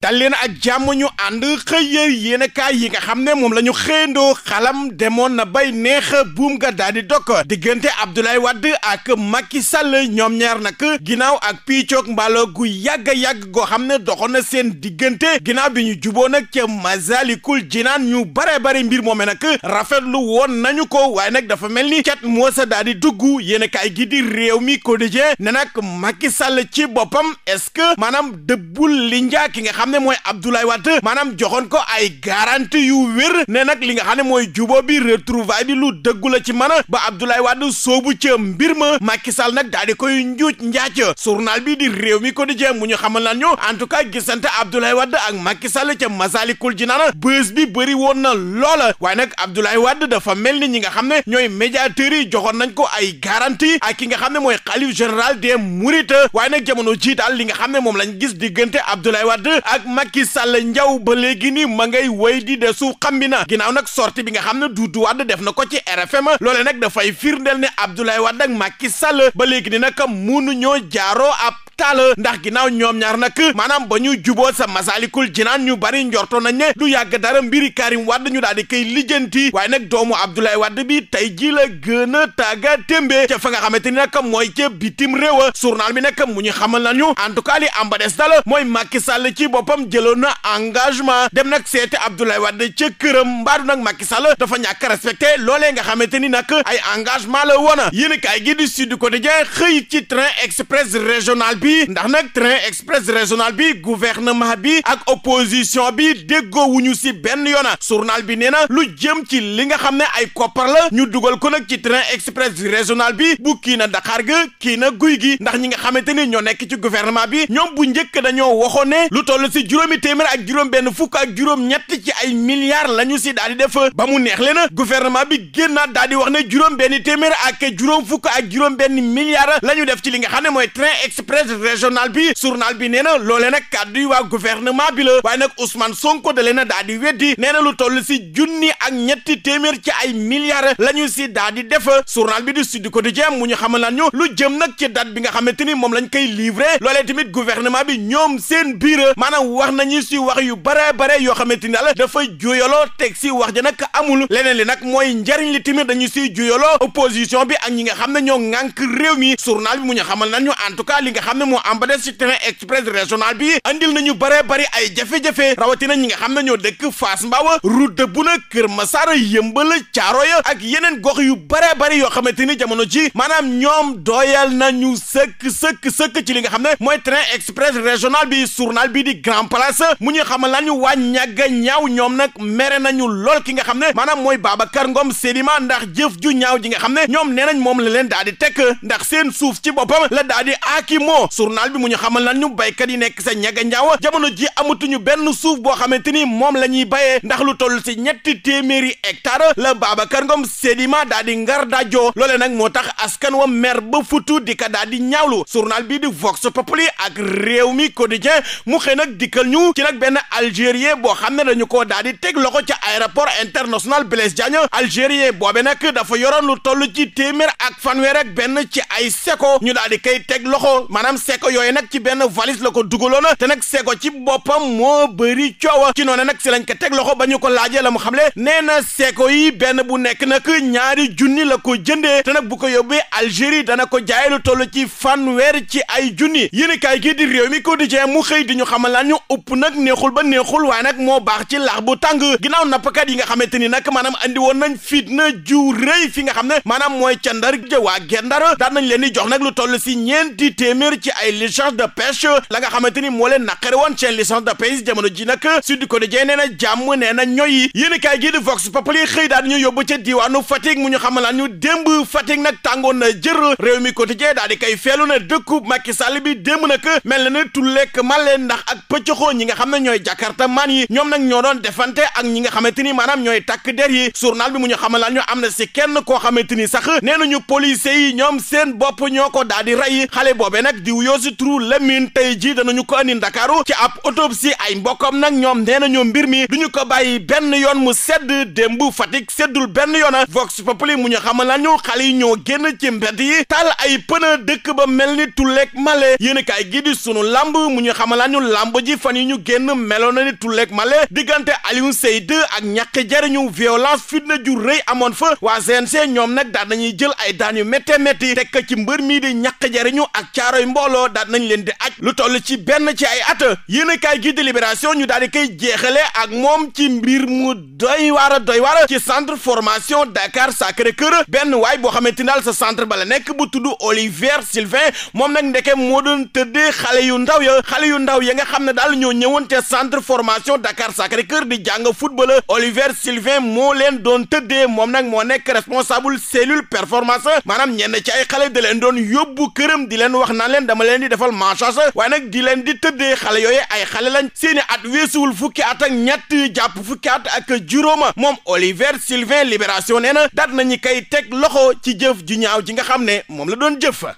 dal leen ak jàmm ñu ànd xëyër yéenekaay yi nga xam ne moom la ñu xëyandoo xalam demoon na bay neex buum nga daal di dok diggante Abdoulaye Wade ak Macky Sall ñoom ñaar nag ginnaaw ak piicoog mbaalo gu yàgg-yàgg goo xam ne doxoon na seen diggante ginnaaw bi ñu juboo nag ca Masalikul Jinaan ñu bare bare mbir moome nag rafetlu woon nañu ko waaye nag dafa mel ni cat moo sa daal di dugg yéenekaay gi di réew mi Quotidien ne nag Macky Sall ci boppam est-ce que maanaam dëbbul li ki nga xam ne mooy Abdoulaye Wade maanaam joxoon ko ay garantie yu wér ne nag li nga xam ne mooy juboo bi retrouvaille bi lu dëggu la ci mën a ba Abdoulaye Wade soobu ca mbir ma Macky Sall nag daal di koy njuuj njaac journal bi di réew mi quotidien mu ñu xamal lan ñu en tout cas gisante Abdoulaye Wade ak Macky Sall ca na Jinaan bës bi bëri woon na loola waaye nag Abdoulaye Wade fa mel ni ñi nga xam ne ñooy médiateurs yi joxoon nañ ko ay garantie ak ki nga xam ne mooy xalif général des Mourides waaye nag jamono jii daal li nga xam ne moom lañ gis diggante Abdoulaye Wade ak Macky Sall njaw ba léegi ni ma ngay wéy di desu xam bi na ginnaaw nag sortie bi nga xam ne Doudou Wade def na ko ci RFM loole nag dafay firndeel ne Abdoulaye Wade ak Macky Sall ba léegi ni nag munu ñoo jaaroo ab taal ndax gi naw ñoom ñaar nag maanaam ba ñu juboo sa masaalikul jinaan ñu bari njorto na ne du yàgg dara mbiri Karim Wade ñu daal di koy lijjanti waaye nag doomu Abdoulaye Wade bi tey jii la gën a tàgga témbe ca fa nga xamante ni nag mooy ca bitim réewa journal bi nag mu ñu xamal nañu en tout cas li am ba des dala mooy Macky Sall ci boppam jëloon na engagement dem nag seeti Abdoulaye Wade ca këram mbaadu nag Macky Sall dafa ñàkk respecté loolee nga xamante ni nag ay engagement la woon yéen a kaay gi di Sud Quotidien xëy ci train régional bi ndax nag train express régional bi gouvernement bi ak opposition bi déggoowuñu si benn yoona journal bi nee na lu jëm ci li nga xam ne ay koppar la ñu dugal ko nag ci train express régional bi bu kii na Dakar ga kii na guy gi ndax ñi nga xamante ni ñoo nekk ci gouvernement bi ñoom bu njëkk dañoo waxoon ne lu toll si juróomi téeméer ak juróom benn fukk ak juróom ñett ci ay milliards la ñu si daal di def ba mu neex na gouvernement bi génnaat daal di wax ne juróom benn téeméer ak juróom fukk ak juróom benn milliards la ñu def ci li nga xam mooy train express régional bi journal bi nee na loolee nag kàddu yi waa gouvernement bi la waaye nag Ousmane Sonko da leen a daal di weddi nee na lu toll si junni ak ñetti téeméer ci ay milliards la ñu si daal di def journal bi di Sud Quotidien mu ñu xamal lan ñu lu jëm nag ci date bi nga xamante ni moom lañ koy livré loolee tamit gouvernement bi ñoom seen biir maanaam wax nañu si wax yu bare bare yoo xamante ni daal dafay juyaloo teg si wax ja nag amul leneen li nag mooy njariñ li tamit dañu siy juyaloo opposition bi ak ñi nga xam ne ñoo ŋànk réew mi journal bi mu ñu xamal lan ñu en tout cas li nga xam ne mu am ba def ci train express régional nañu bare bari ay jafe rawatina ñi nga xam ne dëkk Fass Mbaw route de Bouna Kër Massar Yëmbal Caaroya ak yeneen gox yu bare bari yoo xamante ni jamono ji maanaam ñoom doyal nañu sëkk sëkk sëkk ci li nga xam ne mooy train express régional bi surnal bi di Grand Place mu ñu xamal lañu waa ñàgga ñaaw ñoom nag mere nañu lool ki nga xam ne maanaam mooy Babacar Ngom Sedima ndax jëf ju ñaaw ji nga xam ne ñoom nee nañ moom la leen daal di tekk ndax seen suuf ci boppam la daal di aakimoo journal bi mu ñu xamal na ñu béykat yi nekk sa ñaga njaaw jamono ji amatuñu benn suuf boo xamante ni moom la ñuy béyee ndax lu toll si ñetti téeméeri hectare la Babacar Ngom Sedima daa di ngar dajoo loole nag moo tax askan wa mer ba futu di ka daa di ñaawlu journal bi di Vox Populi ak réew mi quotidien mu xëy nag dikkal ñu ci nag benn algérien boo xam ne dañu ko daa di teg loxo ca aéroport international Blaise Diagne algérien boobe nag dafa yoroon lu toll ci téeméer ak fanweer ak benn ci ay seko ñu daa di koy teg loxo seko yooyu nag ci benn valise la ko dugaloon te nag seko ci boppam moo bëri coow ci noonu nag si lañ ko teg loxo ba ñu ko laajee la mu xamle nee na seko yi benn bu nekk nag ñaari junni la ko jëndee te nag bu ko yóbbee Algérie dana ko jaay lu toll ci weer ci ay junni yéen kaay gi di réew mi quotidien mu xëy di ñu xam laan ñu upp nag neexul ba neexul waaye nag moo baax ci lax bu tàng ginnaaw nappkat yi nga xamante ni nag maanaam andi woon nañ fitna ju rëy fi nga xam ne maanaam mooy ca Ndar ja Gendar daan nañ leen di jox nag lu toll si ñeenti téeméer ci ci ay licence de pêche la nga moo leen naqare woon seen licence de pêche jamono ji nag Sud Quotidien nee na jàmm nee na ñooy yéen a kaay gii di Vox Populi xëy daal ñu yóbbu ca diwaanu Fatick mu ñu xamal la ñu démb Fatick nag tàngoon na jër réew mi Quotidien daal di koy feelu na dëkku Macky Sall bi démb nag mel na ne tulleek male ndax ak pëccëxoo ñi nga xam ne ñooy Jakarta maan yi ñoom nag ñoo doon defante ak ñi nga xamante ni maanaam ñooy takk der yi journal bi mu ñu xamal la ñu am na si kenn koo xamante ni sax nee nañu policiers yi ñoom seen bopp ñoo ko daal di rey xale boobee nag Yoosi Trou Lamine tey jii danañu ko andi Ndakaaru ci ap ab si ay mbokkam nag ñoom nee nañu mbir mi ñu ko bàyyi benn yoon mu sedd démb fatik seddul benn yoon Vox Populi mu ñu xamal nañu xale yi ñoo génn ci mbedd yi tal ay pneu dëkk ba mel ni tulleeg male yéen kaay gi di sunu lamb mu ñu xamal ñu lamb ji fan yi ñu génn meloon na ni tulleeg male diggante Alioune Seye 2 ak ñàkk jariñu violence fitna ju rëy amoon fa waa CNG ñoom nag daan nañuy jël ay daan yu méttee métti tekk ci mbër mii di ñàkk jariñu ak caaroy mbool looloo daat nañ leen di aj lu toll ci benn ci ay at yéen a kaay gi délibération ñu daal di koy jeexale ak moom ci mbir mu doy waara doy waara ci centre formation Dakar Sacré-Cœur benn waay boo xamante ni daal sa centre ba la nekk bu tudd Olivier Sylvain moom nag ndeke moo du tëddee xale yu ndaw ya xale yu ndaw ya nga xam ne daal ñoo ñëwoon te centre formation Dakar Sacré-Cœur di jàng football Olivier Sylvain moo leen doon tëddee moom nag moo nekk responsable cellule performance maanaam ñenn ci ay xale da leen doon yóbbu këram di leen wax naan dama leen di defal massage wa nag di leen di tëddee xale yooyu ay xale lañ seeni at weesuwul fukki at ak ñett jàpp fukki at ak juróoma moom Olivier Sylvain Libération nee na daat ñi koy teg loxo ci jëf ju ñaaw ji nga xam ne moom la doon jëf